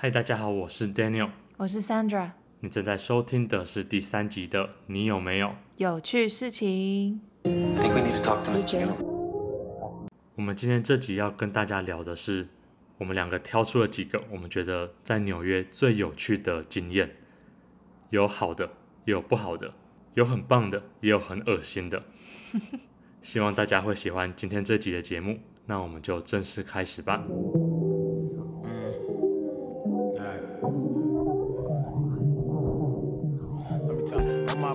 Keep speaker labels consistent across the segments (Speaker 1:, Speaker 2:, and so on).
Speaker 1: 嗨，Hi, 大家好，我是 Daniel，
Speaker 2: 我是 Sandra，
Speaker 1: 你正在收聽的是第三集的《你有沒有
Speaker 2: 有趣事情》，
Speaker 1: 我我。DJ 我們今天這集要跟大家聊的是，我們兩個挑出了幾個我們覺得在紐約最有趣的經驗，有好的，有不好的，有很棒的，也有很噁心的。 希望大家會喜歡今天這集的節目，那我們就正式開始吧。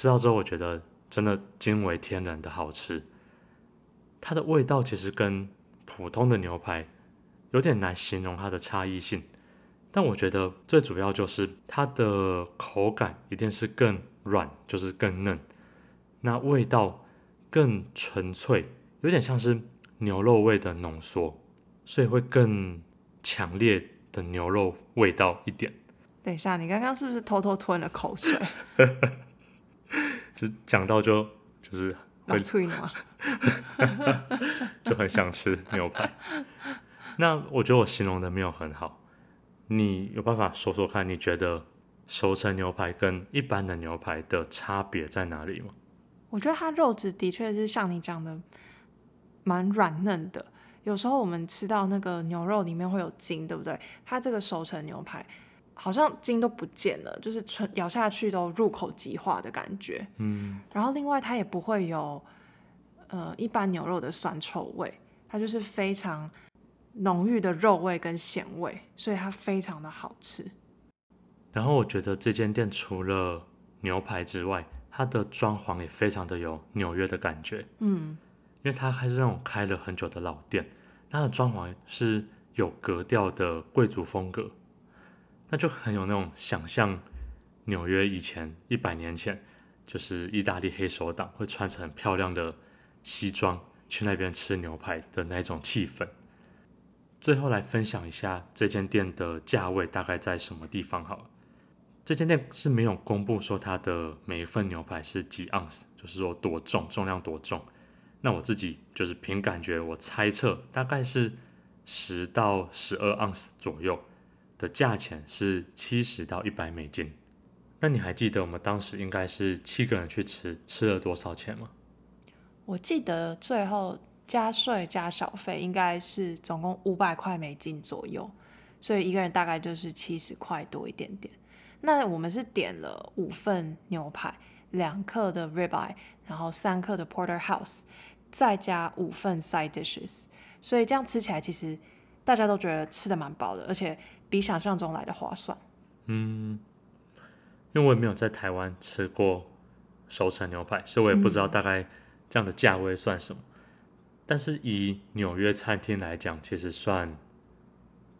Speaker 1: 吃到之後，我覺得真的驚為天人的好吃。它的味道其實跟普通的牛排有點難形容它的差異性，但我覺得最主要就是它的口感一定是更軟，就是更嫩。那味道更純粹，有點像是牛肉味的濃縮，所以會更強烈的牛肉味道一點。
Speaker 2: 等一下，你剛剛是不是偷偷吞了口水？
Speaker 1: 就講到就就是會脆
Speaker 3: 嘛，
Speaker 1: 就很想吃牛排。 那我覺得我形容得沒有很好，你有辦法說說看，你覺得熟成牛排跟一般的牛排的差別在哪裡嗎？
Speaker 2: 我覺得它肉質的確是像你講的蠻軟嫩的。有時候我們吃到那個牛肉裡面會有筋，對不對？它這個熟成牛排。好像筋都不見了，就是咬下去都入口即化的感覺。
Speaker 3: 嗯，
Speaker 2: 然後另外它也不會有呃一般牛肉的酸臭味，它就是非常濃郁的肉味跟鹹味，所以它非常的好吃。
Speaker 1: 然後我覺得這間店除了牛排之外，它的裝潢也非常的有紐約的感覺。嗯，因為它還是那種開了很久的老店，它的裝潢是有格調的貴族風格。那就很有那種想象紐約以前一百年前，就是意大利黑手黨會穿成很漂亮的西裝去那邊吃牛排的那種氣氛。最後來分享一下這間店的價位大概在什麼地方好了。這間店是沒有公布說它的每一份牛排是幾盎司，就是說多重，重量多重。那我自己就是憑感覺，我猜測大概是十到十二盎司左右。的價錢是七十到一百美金，那你還記得我們當時應該是七個人去吃，吃了多少錢嗎？
Speaker 2: 我記得最後加稅加小費應該是總共五百塊美金左右，所以一個人大概就是七十塊多一點點。那我們是點了五份牛排，兩客的 ribeye，然後三客的 porterhouse，再加五份 side dishes，所以這樣吃起來其實大家都覺得吃得蠻飽的，而且。比想象中來的划
Speaker 3: 算。
Speaker 1: 嗯，因為我也沒有在台灣吃過熟成牛排，所以我也不知道大概這樣的價位算什麼。嗯，但是以紐約餐廳來講，其實算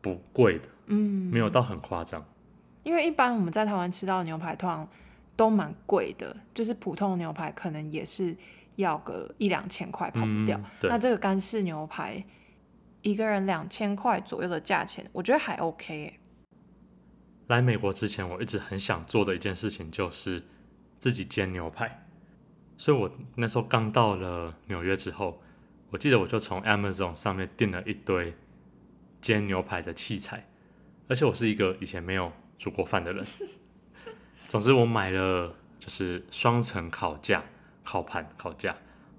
Speaker 1: 不貴的。
Speaker 3: 嗯，沒
Speaker 1: 有到很誇張。
Speaker 2: 因為一般我們在台灣吃到的牛排通常都蠻貴的，就是普通的牛排可能也是要個一兩千塊跑不掉。嗯，對，那這個乾式牛排，一個人兩千塊左右的價錢，我覺得還 OK。欸。哎，
Speaker 1: 來美國之前，我一直很想做的一件事情就是自己煎牛排，所以我那時候剛到了紐約之後，我記得我就從 Amazon 上面訂了一堆煎牛排的器材，而且我是一個以前沒有煮過飯的人。 總之，我買了就是雙層烤架、烤盤、烤架，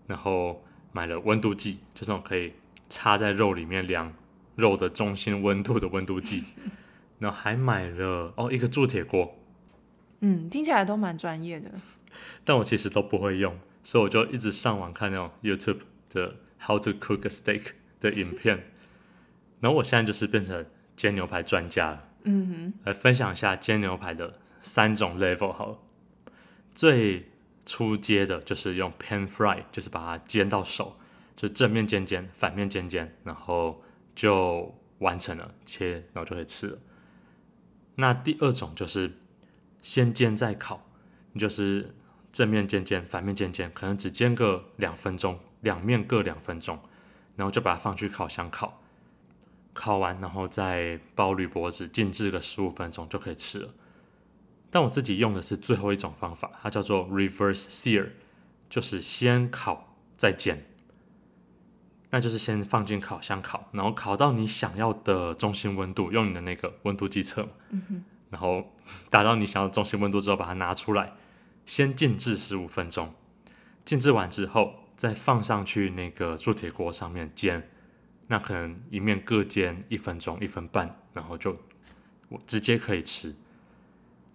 Speaker 1: 然後買了溫度計，就這種可以。插在肉裡面量肉的中心溫度的溫度計， 然後還買了哦一個鑄鐵鍋，
Speaker 2: 嗯，聽起來都蠻專業的，
Speaker 1: 但我其實都不會用，所以我就一直上網看那種 YouTube 的 How to Cook a Steak 的影片， 然後我現在就是變成煎牛排專家了，嗯哼，
Speaker 3: 來
Speaker 1: 分享一下煎牛排的三種 level 好了，最初階的就是用 Pan Fry，就是把它煎到熟。就正面煎煎，反面煎煎，然後就完成了，切，然後就可以吃了。
Speaker 3: 那第
Speaker 1: 二種就是先煎再烤，就是正面煎煎，反面煎煎，可能只煎個兩分鐘，兩面各兩分鐘，然後就把它放去烤箱烤，烤完然後再包鋁箔紙，靜置個十五分鐘就可以吃了。但我自己用的是最後一種方法，它叫做 reverse sear，就是先烤再煎。那就是先放進烤箱烤，然後烤到你想要的中心溫度，用你的那個溫度計測。嗯哼。然後達到你想要中心溫度之後，把它拿出來，先靜置十五分鐘。靜置完之後，再放上去那個鑄鐵鍋上面煎。那可能一面各煎一分鐘、一分半，然後就我直接可以吃。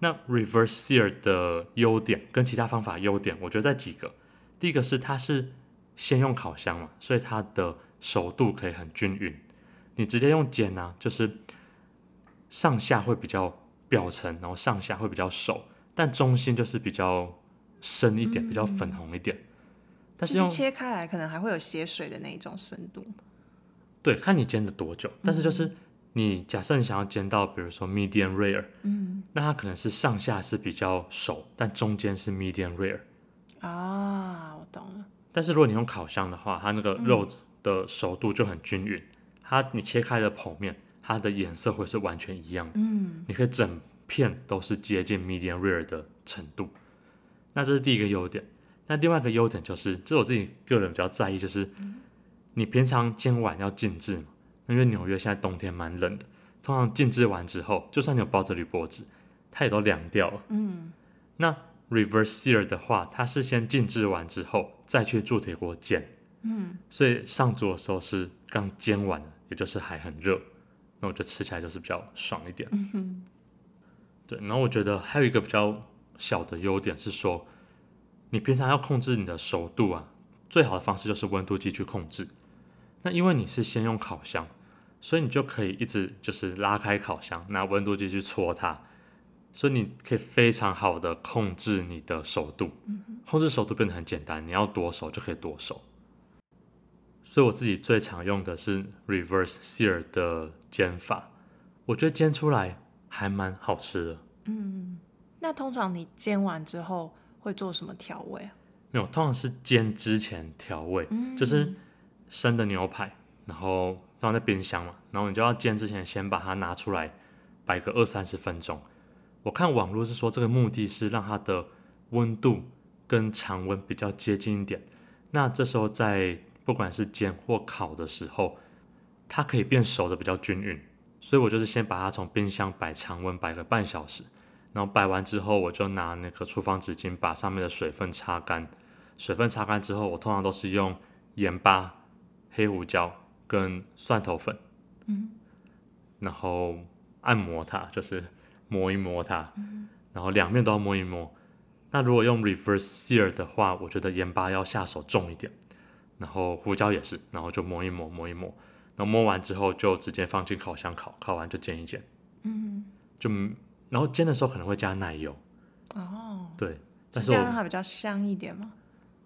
Speaker 1: 那 reverse sear 的優點跟其他方法優點，我覺得在幾個。第一個是它是。先用烤箱嘛，所以它的熟度可以很均勻。你直接用煎呢，啊，就是上下會比較表層，然後上下會比較熟，但中心就是比較深一點，嗯、比較粉紅一點。但是，是切
Speaker 2: 開來可能還會有血水的那一種深度。
Speaker 1: 對，看你煎的多久。但是就是、嗯、你假設你想要煎到，比如說 medium rare，
Speaker 3: 嗯，
Speaker 1: 那它可能是上下是比較熟，但中間是 medium rare。
Speaker 3: 啊、哦，我懂了。
Speaker 1: 但是如果你用烤箱的話，它那個肉的熟度就很均勻，嗯、它你切開的剖面，它的顏色會是完全一樣的。嗯、你可以整片都是接近 medium rare 的程度。那這是第一個優點。那另外一個優點就是，這我自己個人比較在意，就是你平常煎完要靜置嘛，因為紐約現在冬天蠻冷的，通常靜置完之後，就算你有包着鋁箔紙，它也都涼掉了。嗯，那。Reverse sear 的話，它是先靜置完之後，再去鑄鐵鍋煎，嗯，所以上桌的時候是剛煎完，也就是還很熱，那我覺得吃起來就是比較爽一點，嗯嗯哼，對，然後我覺得還有一個比較小的優點是說，你平常要控制你的熟度啊，最好的方式就是溫度計去控制，那因為你是先用烤箱，所以你就可以一直就是拉開烤箱，拿溫度計去戳它。所以你可以非常好的控制你的熟度，嗯、哼控制熟度變得很簡單。你要多熟就可以多熟。所以我自己最常用的是 reverse sear 的煎法，我覺得煎出來還蠻好吃的。嗯，
Speaker 2: 那通常你煎完之後會做什麼調味
Speaker 1: 啊？沒有，通常是煎之前調味，嗯嗯就是生的牛排，然後放在冰箱嘛，然後你就要煎之前先把它拿出來擺個二三十分鐘。我看網絡是說，這個目的是讓它的溫度跟常溫比較接近一點。那這時候在不管是煎或烤的時候，它可以變熟的比較均勻。所以我就是先把它從冰箱擺常溫擺個半小時，然後擺完之後，我就拿那個廚房紙巾把上面的水分擦乾。水分擦乾之後，我通常都是用鹽巴、黑胡椒跟蒜頭粉，嗯，然後按摩它，就是。磨一磨它，嗯、哼然後兩面都要磨一磨。那如果用 reverse sear 的話，我覺得鹽巴要下手重一點，然後胡椒也是，然後就磨一磨，磨一磨。那磨完之後就直接放進烤箱烤，烤完就煎一煎。嗯哼，就然後煎的時候可能會加奶油。
Speaker 2: 哦，
Speaker 1: 對，但是我這樣讓
Speaker 2: 它比較香一點嗎？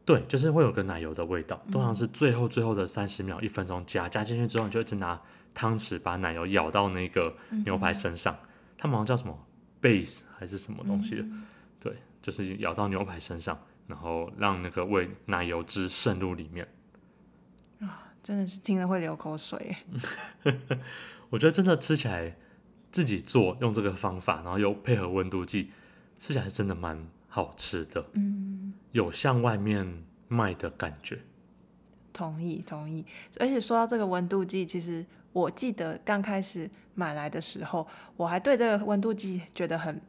Speaker 1: 對，就是會有個奶油的味道。通常是最後最後的三十秒、一分鐘加、嗯、哼加進去之後，你就一直拿湯匙把奶油舀到那個牛排身上。嗯它好像叫什麼 base 還是什麼東西、嗯、對，就是咬到牛排身上，然後讓那個味奶油汁滲入裡面，
Speaker 2: 啊，真的是聽了會流口
Speaker 3: 水。
Speaker 1: 我覺得真的吃起來，自己做用這個方法，然後又配合溫度計，吃起來是真的蠻好吃的。嗯，有像外面賣的感覺。
Speaker 2: 同意同意，而且說到這個溫度計，其實我記得剛開始。買來的時候，我還對這個溫度計覺得很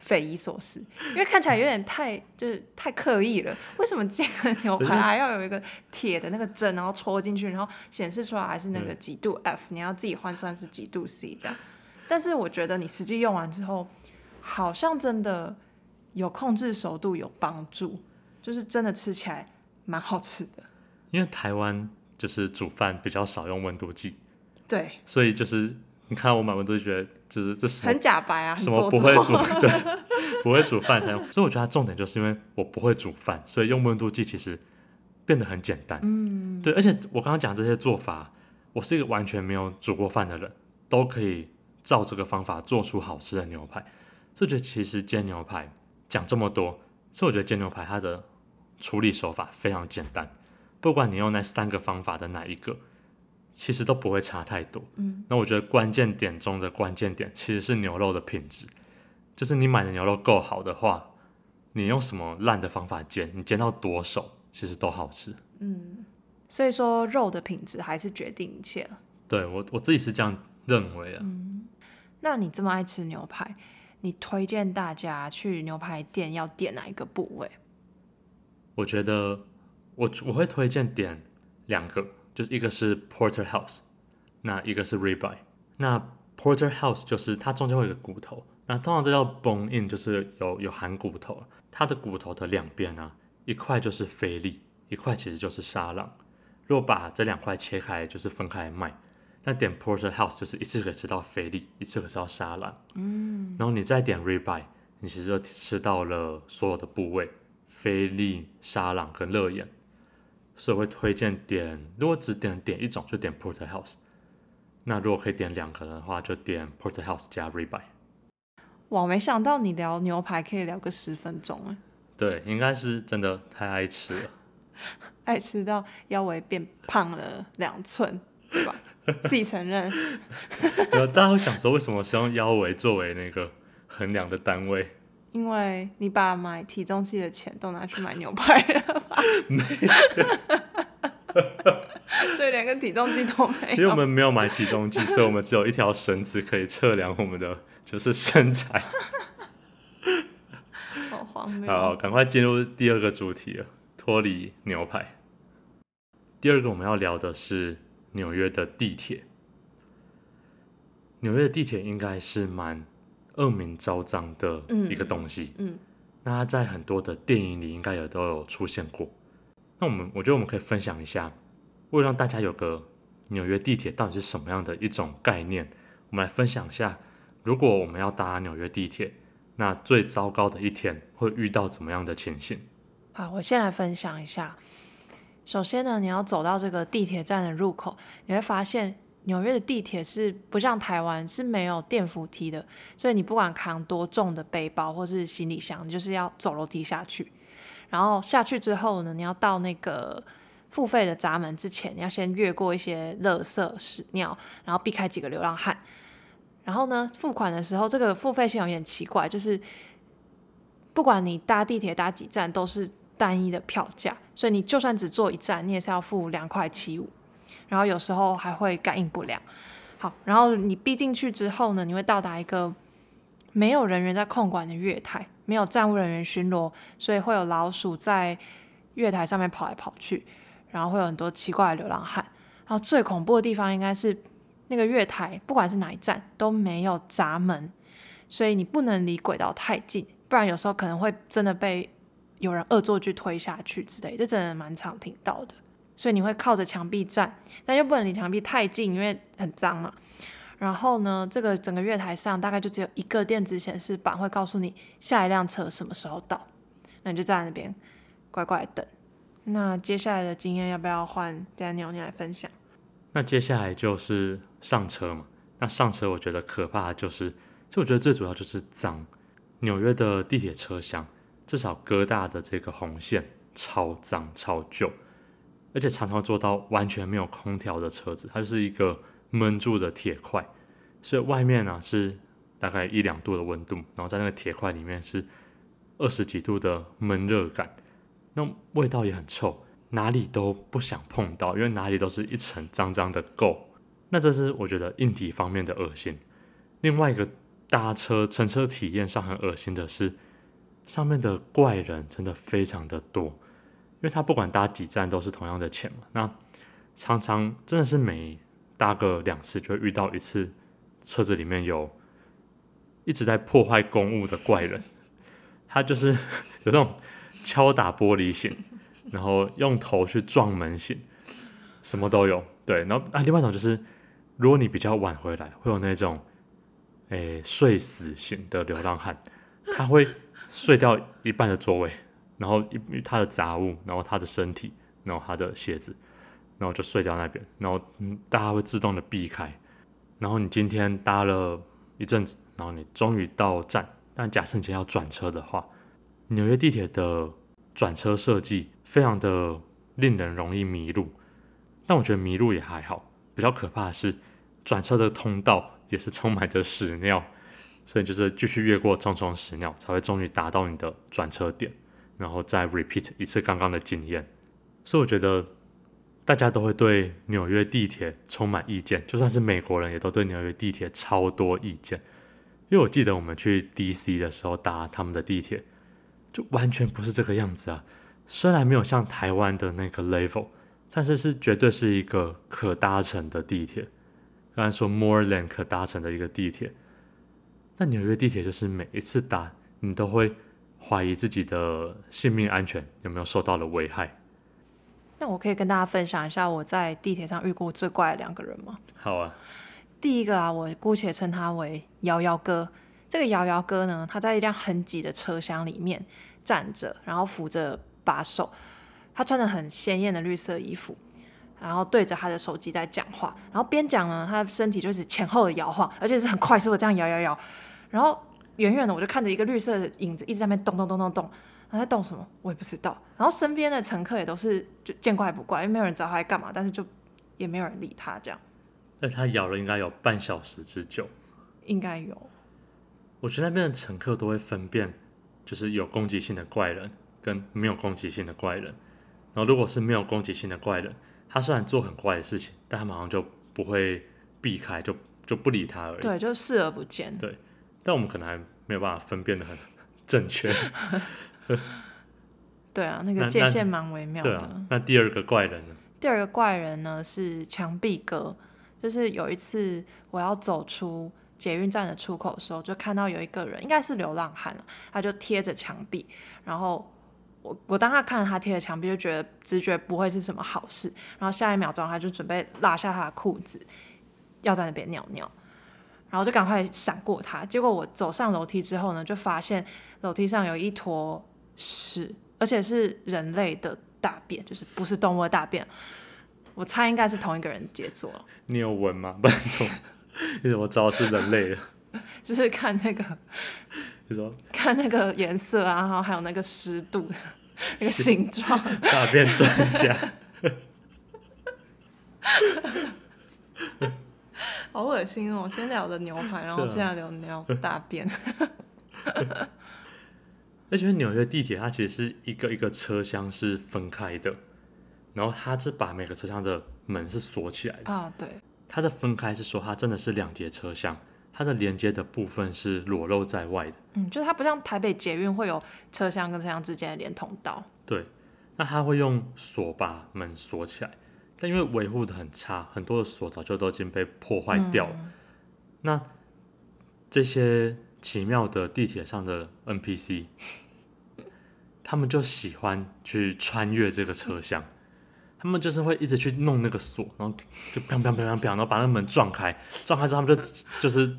Speaker 2: 匪夷所思，因為看起來有點太 就是太刻意了。為什麼煎個牛排還要有一個鐵的那個針，然後戳進去，然後顯示出來還是那個幾度 F？嗯，你要自己換算是幾度 C 這樣？但是我覺得你實際用完之後，好像真的有控制熟度有幫助，就是真的吃起來蠻好吃的。
Speaker 1: 因為台灣就是煮飯比較少用溫度計，對，所以就是。你看我買都覺得，就是這是很假白啊，什麼，麼做不會煮，對， 不會煮飯才。所以我覺得它重點就是因為我不會煮飯，所以用溫度計其實變得很簡單。嗯，對。而且我剛剛講這些做法，我是一個完全沒有煮過飯的人，都可以照這個方法做出好吃的牛排。所以我覺得其實煎牛排講這麼多，所以我覺得煎牛排它的處理手法非常簡單，不管你用那三個方法的哪一個。其實都不會差太多，嗯，那我覺得關鍵點中的關鍵點其實是牛肉的品質，就是你買的牛肉夠好的話，你用什麼爛的方法煎，你煎到多熟，其實都好吃，嗯，
Speaker 2: 所以說肉的品質還是決定一切，
Speaker 1: 對，我我自己是這樣認為啊，嗯，
Speaker 2: 那你這麼愛吃牛排，你推薦大家去牛排店要點哪一個部位？
Speaker 1: 我覺得我我會推薦點兩個。就是一個是 porter house，那一個是 ribeye。那 porter house 就是它中間會有一個骨頭，那通常這叫 bone in，就是有有含骨頭。它的骨頭的兩邊呢、啊，一塊就是菲力，一塊其實就是沙朗。如果把這兩塊切開，就是分開賣。那點 porter house 就是一次可以吃到菲力，一次可以吃到沙朗。嗯，然後你再點 ribeye，你其實就吃到了所有的部位：菲力、沙朗跟肋眼。所以我會推薦點，如果只點點一種就點 Porterhouse，那如果可以點兩個的話就點 Porterhouse 加 Ribeye。
Speaker 2: 哇，我沒想到你聊牛排可以聊個十分鐘哎、啊。
Speaker 1: 對，應該是真的太愛吃了，
Speaker 2: 愛吃到腰圍變胖了兩寸，對吧？ 自己承認。
Speaker 1: 然 後大家會想說為什麼是用腰圍作為那個衡量的單位？
Speaker 2: 因為你把買體重器的錢都拿去買牛排了吧？ 所以連個體重計都沒有。因為我們
Speaker 1: 沒有買體重計， 所以我們只有一條繩子可以測量我們的就是身材。
Speaker 3: 好，好，
Speaker 1: 趕快進入第二個主題了，脫離牛排。第二個我們要聊的是紐約的地鐵。紐約的地鐵應該是蠻惡名昭彰的一個東西，嗯，嗯，那在很多的電影裡應該也都有出現過。那我們我覺得我們可以分享一下，為了讓大家有個紐約地鐵到底是什麼樣的一種概念，我們來分享一下，如果我們要搭紐約地鐵，那最糟糕的一天會遇到怎麼樣的情形？
Speaker 2: 好，我先來分享一下。首先呢，你要走到這個地鐵站的入口，你會發現。紐約的地鐵是不像台灣，是沒有電扶梯的，所以你不管扛多重的背包或是行李箱，你就是要走樓梯下去。然後下去之後呢，你要到那個付費的閘門之前，你要先越過一些垃圾、屎尿，然後避開幾個流浪漢。然後呢，付款的時候，這個付費系統有點奇怪，就是不管你搭地鐵搭幾站，都是單一的票價，所以你就算只坐一站，你也是要付兩塊七五。然後有時候還會感應不良。好，然後你逼進去之後呢，你會到達一個沒有人員在控管的月台，沒有站務人員巡邏，所以會有老鼠在月台上面跑來跑去，然後會有很多奇怪的流浪漢。然後最恐怖的地方應該是那個月台，不管是哪一站都沒有閘門，所以你不能離軌道太近，不然有時候可能會真的被有人惡作劇推下去之類的。這真的蠻常聽到的。所以你會靠着牆壁站，但又不能離牆壁太近，因為很髒嘛。然後呢，這個整個月台上大概就只有一個電子顯示板會告訴你下一輛車什麼時候到，那你就站在那邊乖乖等。那接下來的經驗要不要換 Daniel 你來分享？
Speaker 1: 那接下來就是上車嘛。那上車我覺得可怕的就是，其實我覺得最主要就是髒。紐約的地鐵車廂至少哥大的這個紅線超髒超舊。而且常常做到完全沒有空調的車子，它是一個悶住的鐵塊，所以外面呢、啊、是大概一兩度的溫度，然後在那個鐵塊裡面是二十幾度的悶熱感，那味道也很臭，哪裡都不想碰到，因為哪裡都是一層髒髒的垢。那這是我覺得硬體方面的噁心。另外一個搭車乘車體驗上很噁心的是，上面的怪人真的非常的多。因為他不管搭幾站都是同樣的錢嘛，那常常真的是每搭個兩次就會遇到一次車子裡面有一直在破壞公物的怪人，他就是有那種敲打玻璃型，然後用頭去撞門型，什麼都有。對，然後啊，另外一種就是如果你比較晚回來，會有那種誒睡死型的流浪漢，他會睡掉一半的座位。然後，因為他的雜物，然後他的身體，然後他的鞋子，然後就睡掉那邊。然後，嗯，大家會自動的避開。然後，你今天搭了一陣子，然後你終於到站，但假設你今天要轉車的話，你紐約地鐵的轉車設計非常的令人容易迷路。但我覺得迷路也還好。比較可怕的是，轉車的通道也是充滿着屎尿，所以就是繼續越過重重屎尿，才會終於達到你的轉車點。然後再 repeat 一次剛剛的經驗，所以我覺得大家都會對紐約地鐵充滿意見，就算是美國人也都對紐約地鐵超多意見。因為我記得我們去 D.C. 的時候搭他們的地鐵，就完全不是這個樣子啊！雖然沒有像台灣的那個 level，但是是絕對是一個可搭乘的地鐵，剛才說 more than 可搭乘的一個地鐵。但紐約地鐵就是每一次搭你都會。懷疑自己的性命安全有沒有受到了危害？
Speaker 2: 那我可以跟大家分享一下我在地鐵上遇過最怪的兩個人嗎？好啊，第一個啊，我姑且稱他為搖搖哥。這個搖搖哥呢，他在一輛很擠的車廂裡面站着，然後扶着把手，他穿着很鮮豔的綠色的衣服，然後對着他的手機在講話，然後邊講呢，他的身體就是前後的搖晃，而且是很快速的這樣搖搖搖，然後。遠遠的我就看着一個綠色的影子一直在那邊動動動動動，他在動什麼我也不知道。然後身邊的乘客也都是就見怪不怪，因為沒有人知道他在幹嘛，但是就也沒有人理他這樣。
Speaker 1: 那他咬了應該有半小時之久，
Speaker 2: 應該有。
Speaker 1: 我覺得那邊的乘客都會分辨，就是有攻擊性的怪人跟沒有攻擊性的怪人。然後如果是沒有攻擊性的怪人，他雖然做很怪的事情，但他馬上就不會避開，就就不理他而已。對，就
Speaker 2: 視而不見。
Speaker 1: 對。但我們可能還沒有辦法分辨得很正確。
Speaker 2: 對啊，那個界限蠻微妙的。那、對
Speaker 1: 啊。那第二個怪人呢？
Speaker 2: 第二個怪人呢是牆壁哥，就是有一次我要走出捷運站的出口的時候，就看到有一個人，應該是流浪漢，他就貼着牆壁。然後我我當他看他貼着牆壁，就覺得直覺不會是什麼好事。然後下一秒鐘他就準備拉下他的褲子，要在那邊尿尿。然後就趕快閃過它。結果我走上樓梯之後呢，就發現樓梯上有一坨屎，而且是人類的大便，就是不是動物的大便。我猜應該是同一個人傑作。
Speaker 1: 你有聞嗎？不然怎 你怎麼知道是人類的？
Speaker 2: 就是看那個，
Speaker 1: 說
Speaker 2: 看那個顏色啊，然後還有那個濕度、 那個形狀。
Speaker 1: 大便專家。
Speaker 2: 好噁心哦！先聊的牛排，然後現在聊聊大便。
Speaker 1: 啊欸、 而且紐約地鐵它其實是一個一個車廂是分開的，然後它是把每個車廂的門是鎖起來的啊。對，它的分開是說它真的是兩節車廂，它的連接的部分是裸露在外的。
Speaker 2: 嗯，就是它不像台北捷運會有車廂跟車廂之間的連通道。
Speaker 1: 對，那它會用鎖把門鎖起來。但因為維護的很差，很多的鎖早就都已經被破壞掉了。嗯、那這些奇妙的地鐵上的 NPC，他們就喜歡去穿越這個車廂。他們就是會一直去弄那個鎖，然後就砰砰砰砰砰，然後把那門撞開。撞開之後，他們就就是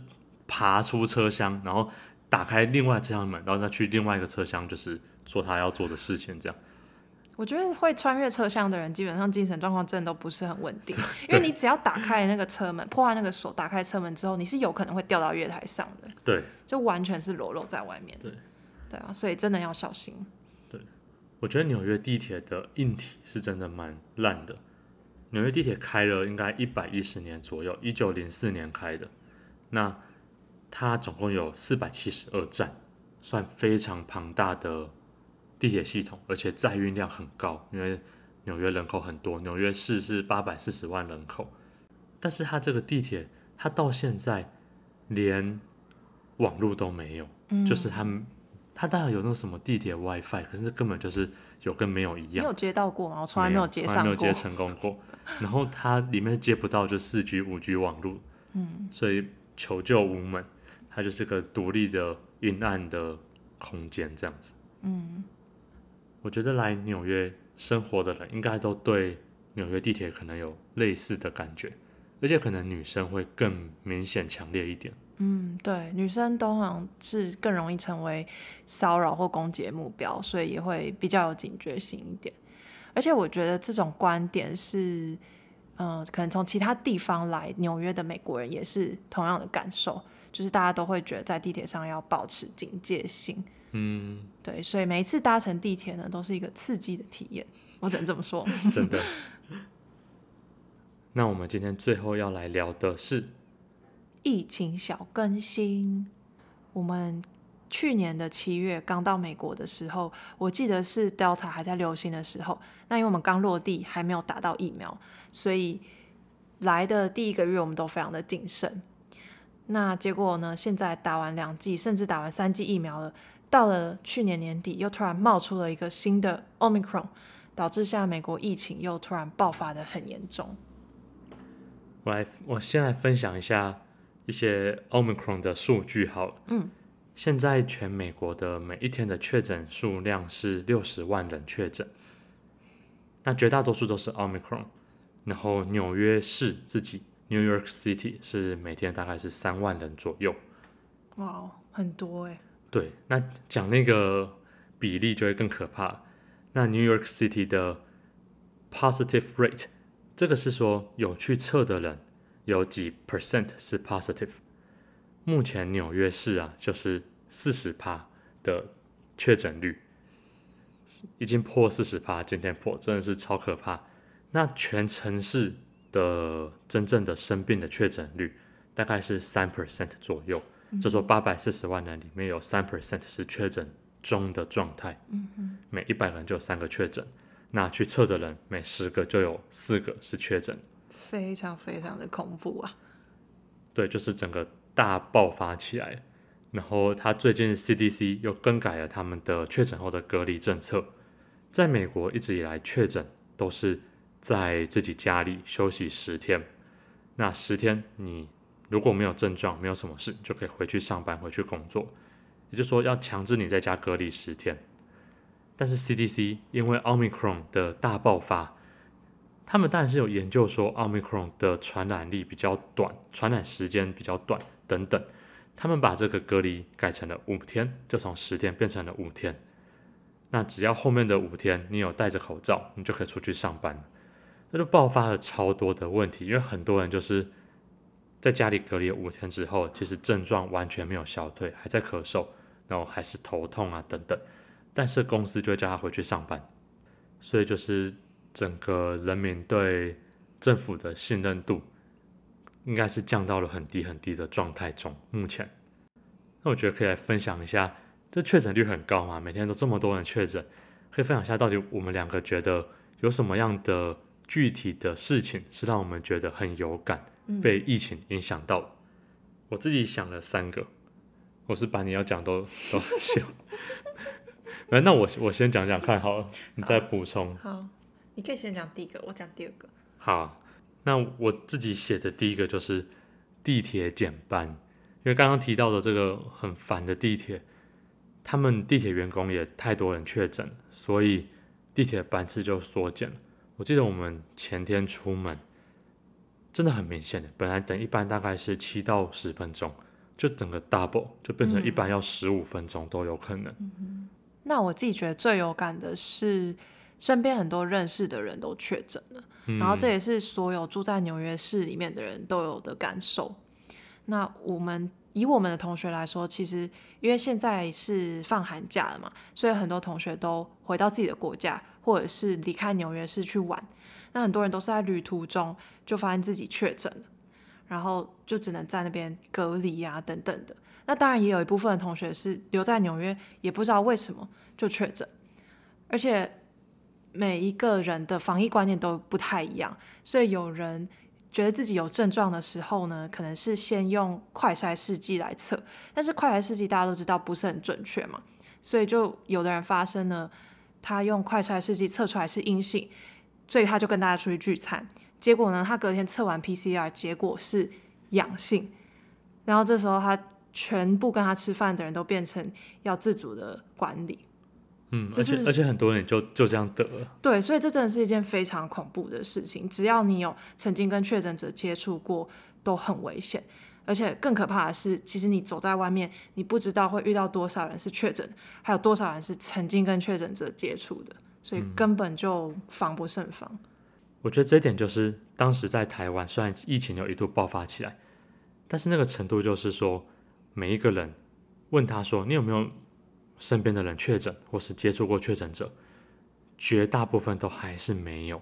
Speaker 1: 爬出車廂，然後打開另外一個車廂門，然後再去另外一個車廂，就是做他要做的事情，這樣。
Speaker 2: 我覺得會穿越車廂的人，基本上精神狀況真的都不是很穩定。對因為你只要打開那個車門， 破壞那個鎖，打開車門之後，你是有可能會掉到月台上的。對，就完全是裸露在外面。
Speaker 1: 對，
Speaker 2: 對啊，所以真的要小心。
Speaker 1: 對，我覺得紐約地鐵的硬體是真的蠻爛的。紐約地鐵開了應該一百一十年左右，一九零四年開的。那它總共有四百七十二站，算非常龐大的。地鐵系統，而且載運量很高，因為紐約人口很多。紐約市是八百四十萬人口，但是它這個地鐵，它到現在連網路都沒有，嗯、就是它它當然有那種什麼地鐵 WiFi，可是根本就是有跟沒有一樣。
Speaker 2: 你有接到過嗎？我從來沒有接上過，沒有，沒有接
Speaker 1: 成功過。 然後它裡面接不到就四 G、五 G 網路，嗯，所以求救無門，它就是一個獨立的陰暗的空間這樣子，嗯。我覺得來紐約生活的人應該都對紐約地鐵可能有類似的感覺，而且可能女生會更明顯強烈一點。嗯，
Speaker 2: 對，女生都好像是更容易成為騷擾或攻擊的目標，所以也會比較有警覺性一點。而且我覺得這種觀點是，嗯、呃，可能從其他地方來紐約的美國人也是同樣的感受，就是大家都會覺得在地鐵上要保持警戒性。嗯，對，所以每一次搭乘地鐵呢，都是一個刺激的體驗，我只能這麼說。 真
Speaker 1: 的。那我們今天最後要來聊的是
Speaker 2: 疫情小更新。我們去年的七月剛到美國的時候，我記得是 Delta 還在流行的時候。那因為我們剛落地，還沒有打到疫苗，所以來的第一個月，我們都非常的謹慎。那結果呢？現在打完兩劑，甚至打完三劑疫苗了。到了去年年底，又突然冒出了一個新的 Omicron，導致現在美國疫情又突然爆發得很嚴重。
Speaker 1: 我來，我先來分享一下一些 Omicron 的數據好了。
Speaker 3: 嗯，
Speaker 1: 現在全美國的每一天的確診數量是六十萬人確診，那絕大多數都是 Omicron。然後紐約市自己，New York City 是每天大概是三萬人左右。
Speaker 2: 哇，哦，很多哎、欸。
Speaker 1: 對，那講那個比例就會更可怕。那 New York City 的 positive rate，這個是說有去測的人有幾 percent 是 positive。目前紐約市啊，就是四十趴的確診率，已經破四十趴，今天破，真的是超可怕。那全城市的真正的生病的確診率大概是三 percent 左右。就說八百四十萬人裡面有三 percent 是確診中的狀態，嗯、哼每一百人就有三個確診。那去測的人每十個就有四個是確診，
Speaker 2: 非常非常的恐怖啊！
Speaker 1: 對，就是整個大爆發起來。然後他最近 CDC 又更改了他們的確診後的隔離政策，在美國一直以來確診都是在自己家裡休息十天，那十天你。如果沒有症狀，沒有什麼事，你就可以回去上班，回去工作。也就是說，要強制你在家隔離十天。但是 CDC 因為 Omicron 的大爆發，他們當然是有研究說 Omicron 的傳染力比較短，傳染時間比較短等等。他們把這個隔離改成了五天，就從十天變成了五天。那只要後面的五天你有戴着口罩，你就可以出去上班。那就爆發了超多的問題，因為很多人就是。在家裡隔離五天之後，其實症狀完全沒有消退，還在咳嗽，然後還是頭痛啊等等，但是公司就會叫他回去上班，所以就是整個人民對政府的信任度應該是降到了很低很低的狀態中。目前，那我覺得可以來分享一下，這確診率很高嘛，每天都這麼多人確診，可以分享一下到底我們兩個覺得有什麼樣的具體的事情是讓我們覺得很有感。被疫情影響到，嗯、我自己想了三個，我是把你要講都 都寫了。那 那我我先講講看好了，你再補充
Speaker 3: 好、
Speaker 2: 啊。好，你可以先講第一個，我講第二個。
Speaker 1: 好、啊，那我自己寫的第一個就是地鐵減班，因為剛剛提到的這個很煩的地鐵，他們地鐵員工也太多人確診，所以地鐵班次就縮減了。我記得我們前天出門。真的很明顯的，本來等一般大概是七到十分鐘，就整個 double 就變成一般要十五分鐘都有可能、嗯。
Speaker 2: 那我自己覺得最有感的是，身邊很多認識的人都確診
Speaker 1: 了，嗯、然後這也
Speaker 2: 是所有住在紐約市裡面的人都有的感受。那我們以我們的同學來說，其實因為現在是放寒假了嘛，所以很多同學都回到自己的國家，或者是離開紐約市去玩。那很多人都是在旅途中就發現自己確診，然後就只能在那邊隔離啊等等的。那當然也有一部分的同學是留在紐約，也不知道為什麼就確診。而且每一個人的防疫觀念都不太一樣，所以有人覺得自己有症狀的時候呢，可能是先用快篩試劑來測，但是快篩試劑大家都知道不是很準確嘛，所以就有的人發生了他用快篩試劑測出來是陰性。所以他就跟大家出去聚餐，結果呢，他隔天測完 PCR，結果是陽性，然後這時候他全部跟他吃飯的人都變成要自主的管理，
Speaker 1: 嗯，這是，而且而且很多人就就這樣得了，
Speaker 2: 對，所以這真的是一件非常恐怖的事情，只要你有曾經跟確診者接觸過，都很危險，而且更可怕的是，其實你走在外面，你不知道會遇到多少人是確診，還有多少人是曾經跟確診者接觸的。所以根本就防不勝防。
Speaker 1: 嗯、我覺得這一點就是當時在台灣，雖然疫情有一度爆發起來，但是那個程度就是說，每一個人問他說：“你有沒有身邊的人確診，或是接觸過確診者？”絕大部分都還是沒有。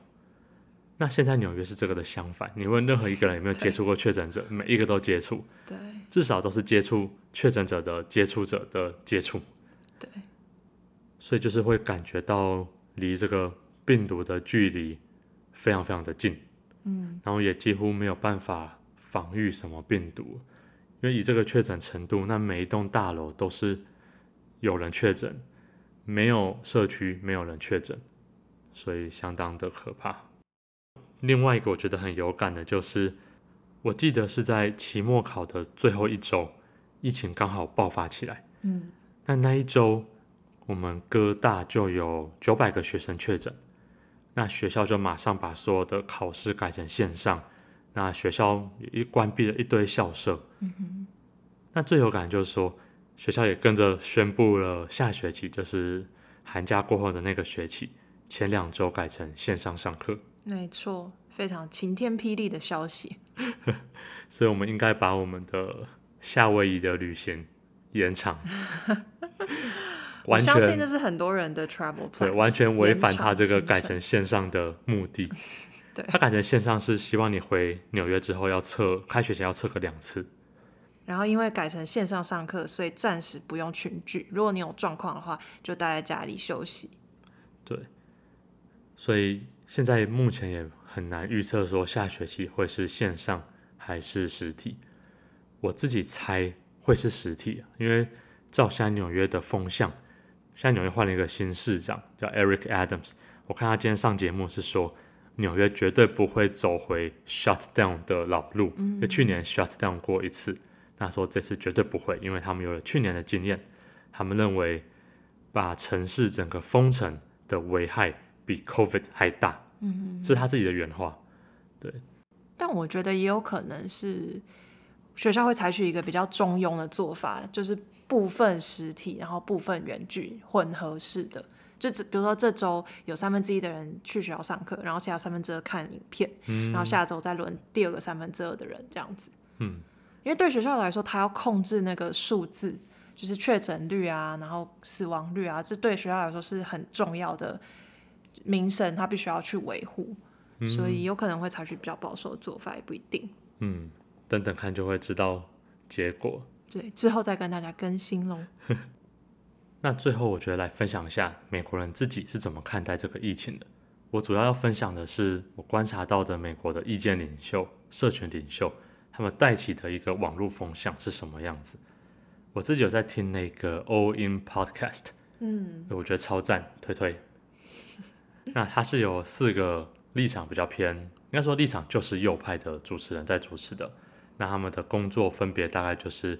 Speaker 1: 那現在紐約是這個的相反，你問任何一個人有沒有接觸過確診者，對每一個都接觸，對，至少都是接觸確診者的接觸者的接觸，對。所以就是會感覺到。離這個病毒的距離非常非常的近，嗯，然後也幾乎沒有辦法防禦什麼病毒，因為以這個確診程度，那每一棟大樓都是有人確診，沒有社區沒有人確診，所以相當的可怕。另外一個我覺得很有感的就是，我記得是在期末考的最後一週，疫情剛好爆發起來，嗯，但那一週。我們哥大就有九百個學生確診，那學校就馬上把所有的考試改成線上，那學校也關閉了一堆校舍。嗯哼。那最有感覺就是說，學校也跟着宣布了下學期，就是寒假過後的那個學期，前兩週改成線上上課。
Speaker 2: 沒錯，非常晴天霹靂的消息。
Speaker 1: 所以，我們應該把我們的夏威夷的旅行延長。 我相信這
Speaker 2: 是很多人的 travel plan，對，完全違反他這個改成
Speaker 1: 線上的目的。 對，他改成線上是希望你回紐約之後要測，開學前要測個兩次。
Speaker 2: 然後因為改成線上上課，所以暫時不用群聚。如果你有狀況的話，就待在家裡休息。
Speaker 1: 對，所以現在目前也很難預測說下學期會是線上還是實體。我自己猜會是實體啊，因為照現在紐約的風向。現在紐約換了一個新市長，叫 Eric Adams。我看他今天上節目是說，紐約絕對不會走回 shut down 的老路，嗯、因為去年 shut down 過一次。他說這次絕對不會，因為他們有了去年的經驗。他們認為把城市整個封城的危害比 COVID 還大，嗯哼，
Speaker 2: 這是他自
Speaker 1: 己的原話。對，
Speaker 2: 但我覺得也有可能是學校會採取一個比較中庸的做法，就是。部分實體，然後部分遠距，混合式的，就比如說這周有三分之一的人去學校上課，然後其他三分之二看影片，嗯、然後下周再輪第二個三分之二的人這樣子。嗯，因為對學校來說，他要控制那個數字，就是確診率啊，然後死亡率啊，這對學校來說是很重要的名聲，他必須要去維護，嗯、所以有可能會採取比較保守的做法，也不一定。
Speaker 1: 嗯，等等看就會知道結果。
Speaker 2: 對，之後再跟大家更新嘍。
Speaker 1: 那最後，我覺得來分享一下美國人自己是怎麼看待這個疫情的。我主要要分享的是我觀察到的美國的意見領袖、社群領袖他們帶起的一個網絡風向是什麼樣子。我自己有在聽那個 All In Podcast，嗯，我覺得超讚，推推。 那他是有四個立場比較偏，應該說立場就是右派的主持人在主持的。那他們的工作分別大概就是。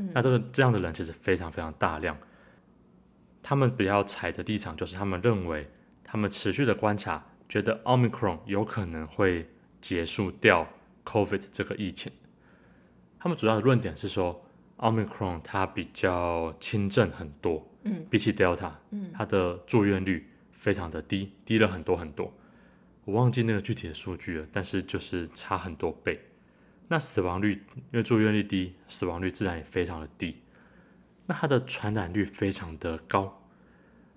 Speaker 1: 嗯、那這個這樣的人其實非常非常大量，他們比較踩的立場就是他們認為，他們持續的觀察，覺得 Omicron 有可能會結束掉 COVID 這個疫情。他們主要的論點是說，Omicron 它比較輕症很多，嗯，比起 Delta，嗯，它的住院率非常的低，嗯、低了很多很多。我忘記那個具體的數據了，但是就是差很多倍。那死亡率因為住院率低，死亡率自然也非常的低。那它的傳染率非常的高。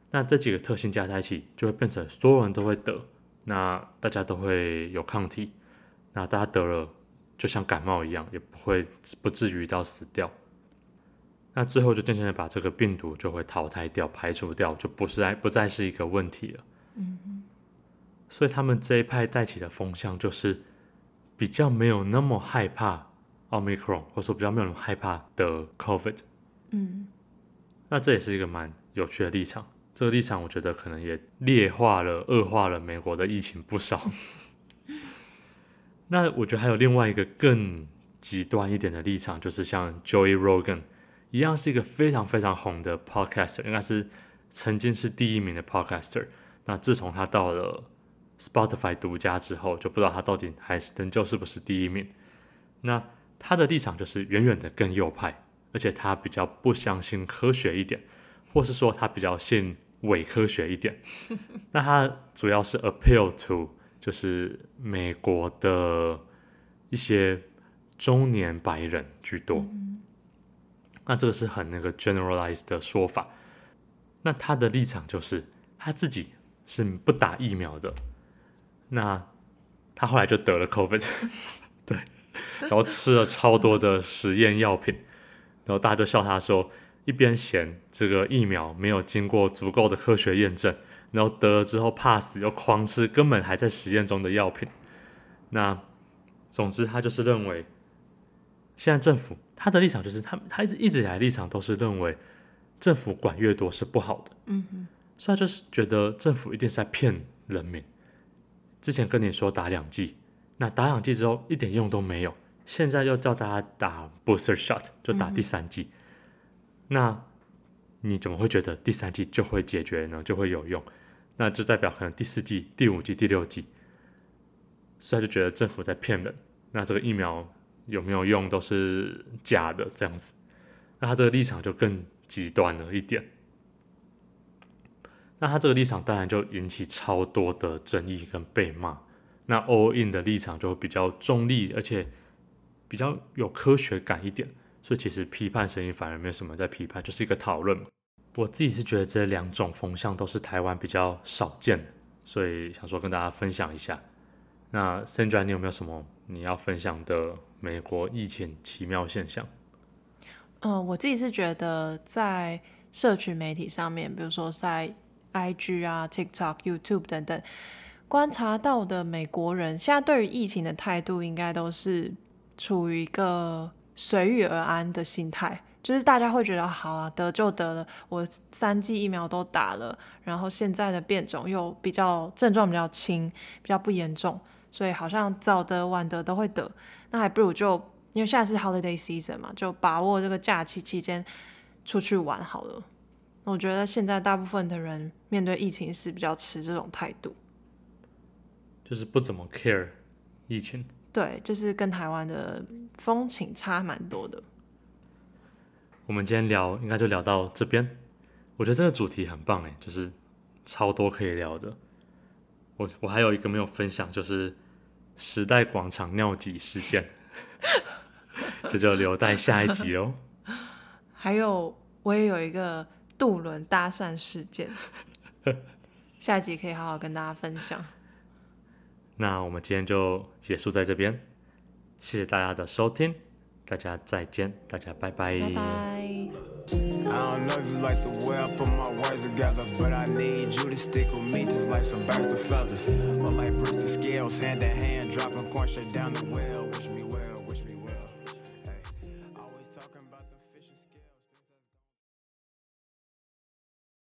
Speaker 1: 那這幾個特性加在一起，就會變成所有人都會得，那大家都會有抗體，那大家得了就像感冒一樣，也不會不至於到死掉。那最後就漸漸的把這個病毒就會淘汰掉、排除掉，就不再不再是一個問題了。嗯。所以他們這一派帶起的風向就是，比較沒有那麼害怕 Omicron，或者說比較沒有那麼害怕的 COVID，嗯，那這也是一個蠻有趣的立場。這個立場我覺得可能也劣化了、惡化了美國的疫情不少。 那我覺得還有另外一個更極端一點的立場，就是像 Joey Rogan 一樣，是一個非常非常紅的 podcaster，應該是曾經是第一名的 podcaster。那自從他到了 Spotify 獨家之後，就不知道他到底還是仍舊是不是第一名。那他的立場就是遠遠的更右派，而且他比較不相信科學一點，或是說他比較信偽科學一點。 那他主要是 appeal to 就是美國的一些中年白人居多。 那這個是很那個 generalized 的說法。那他的立場就是他自己是不打疫苗的。那他後來就得了 COVID，對，然後吃了超多的實驗藥品，然後大家就笑他說，一邊嫌這個疫苗沒有經過足夠的科學驗證，然後得了之後怕死又狂吃根本還在實驗中的藥品。那總之他就是認為，現在政府他的立場就是他他一直一直以來立場都是認為政府管越多是不好的，嗯哼，所以他就是覺得政府一定是在騙人民。之前跟你說打兩劑，那打兩劑之後一點用都沒有，現在又叫大家打 booster shot，就打第三劑，嗯、那你怎麼會覺得第三劑就會解決呢？就會有用？那就代表可能第四劑、第五劑、第六劑，所以他就覺得政府在騙人，那這個疫苗有沒有用都是假的這樣子，那他這個立場就更極端了一點。那他這個立場當然就引起超多的爭議跟被罵。那 all in 的立場就會比較中立，而且比較有科學感一點。所以其實批判聲音反而沒有什麼在批判，就是一個討論。我自己是覺得這兩種風向都是台灣比較少見，所以想說跟大家分享一下。那 Sandra，你有沒有什麼你要分享的美國疫情奇妙現象？
Speaker 2: 嗯、呃，我自己是覺得在社群媒體上面，比如說在 IG 啊，TikTok、YouTube 等等，觀察到的美國人現在對於疫情的態度，應該都是處於一個隨遇而安的心態，就是大家會覺得，好啊，得就得了，我三劑疫苗都打了，然後現在的變種又比較症狀比較輕，比較不嚴重，所以好像早得晚得都會得，那還不如就因為現在是 Holiday season 嘛，就把握這個假期期間出去玩好了。我覺得現在大部分的人面對疫情是比較持這種態度，
Speaker 1: 就是不怎麼 care 疫情。
Speaker 2: 對，就是跟台灣的風情差蠻多的。
Speaker 1: 我們今天聊應該就聊到這邊，我覺得這個主題很棒哎，就是超多可以聊的。我我還有一個沒有分享，就是時代廣場尿急事件，這 就，就留待下一集哦。
Speaker 2: 還有我也有一個。渡輪搭訕事件， 下集可以好好跟大家分享。
Speaker 1: 那我們今天就結束在這邊，謝謝大家的收聽，大家再見，大家拜拜。拜
Speaker 2: 拜。